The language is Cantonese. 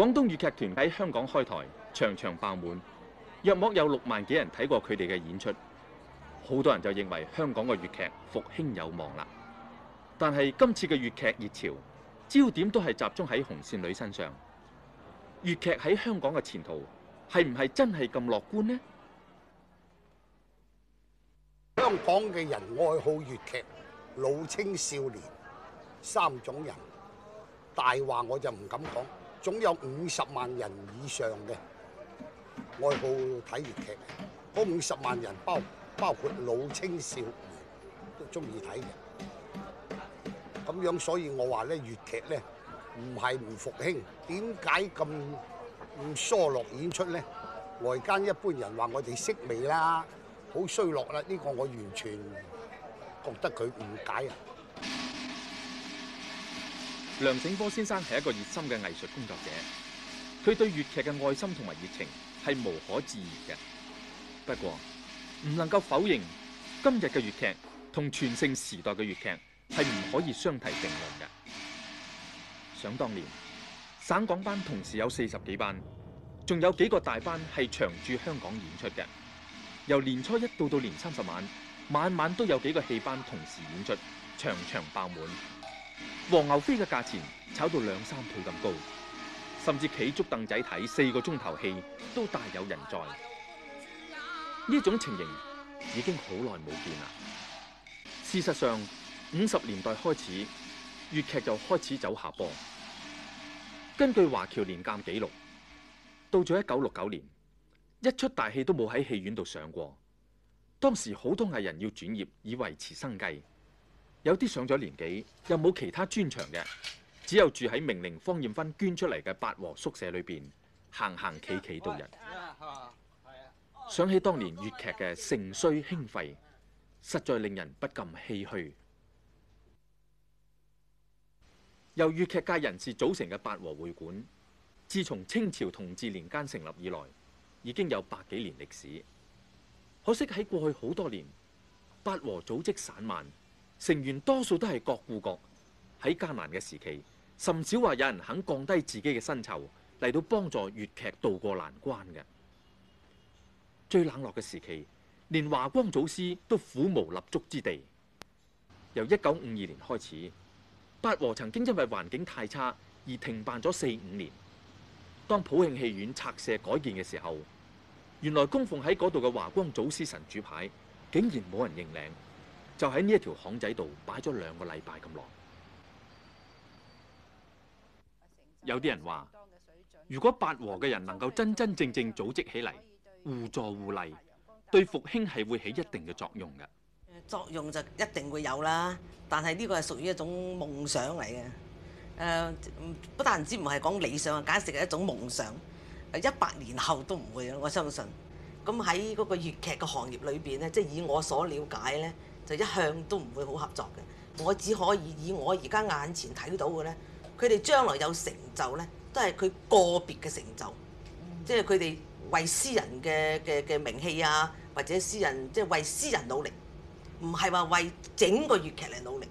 廣東粵劇團喺香港開台，場場爆滿，約莫有六萬幾人睇過佢哋嘅演出。好多人就認為香港嘅粵劇復興有望啦。但係今次嘅粵劇熱潮，焦點都係集中喺紅線女身上。粵劇喺香港嘅前途，係唔係真係咁樂觀呢？香港嘅人愛好粵劇，老、青少年三種人，大話我就唔敢講。總有五十萬人以上嘅愛好睇粵劇。嗰五十萬人包括包括，老青少年都中意睇嘅。咁樣所以我話咧，粵劇咧，唔係唔復興，點解咁唔疏落演出咧？外間一般人話我哋式微啦，好衰落啦，呢、這個我完全覺得佢誤解啊！梁醒波先生係一個熱心嘅藝術工作者，佢對粵劇嘅愛心同埋熱情係無可置疑嘅。不過，唔能夠否認今日嘅粵劇同全盛時代嘅粵劇係唔可以相提並論嘅。想當年，省港班同時有四十幾班，仲有幾個大班係長住香港演出嘅。由年初一到到年三十晚，晚晚都有幾個戲班同時演出，場場爆滿。黃牛飛嘅價錢炒到兩三倍咁高，甚至企足凳仔睇四個鐘頭戲都大有人在。呢種情形已經好耐冇見啦。事實上，五十年代開始粵劇就開始走下坡。根據華僑年鑒記錄，到咗一九六九年，一出大戲都冇喺戲院度上過。當時好多藝人要轉業以維持生計。有啲上咗年紀，又冇其他專長嘅，只有住喺名伶方艶芬捐出嚟嘅八和宿舍裏邊，行行企企度日。哎、呀想起當年粵劇嘅盛衰興廢，實在令人不禁唏噓。嗯、由粵劇界人士組成嘅八和會館，自從清朝同治年間成立以來，已經有百幾年歷史。可惜喺過去好多年，八和組織散漫。成員多數都係各顧各，喺艱難嘅時期，甚少話有人肯降低自己嘅薪酬嚟到幫助粵劇渡過難關嘅。最冷落嘅時期，連華光祖師都苦無立足之地。由一九五二年開始，八和曾經因為環境太差而停辦咗四五年。當普慶戲院拆卸改建嘅時候，原來供奉喺嗰度嘅華光祖師神主牌，竟然冇人認領。就喺呢一條巷仔度擺咗兩個禮拜咁耐。有啲人話：如果八和嘅人能夠真真正正組織起嚟，互助互勵，對復興係會起一定嘅作用嘅。作用就一定會有啦。但係呢個係屬於一種夢想嚟嘅。誒，不但止唔係講理想，簡直係一種夢想。一百年後都唔會，我相信。咁喺嗰個粵劇嘅行業裏邊咧，即係以我所了解呢。就一向都唔會好合作嘅，我只可以以我而家眼前睇到嘅咧，佢哋將來有成就咧，都係佢個別嘅成就，即係佢哋為私人嘅嘅嘅名氣啊，或者私人即係為私人努力，唔係話為整個粵劇嚟努力。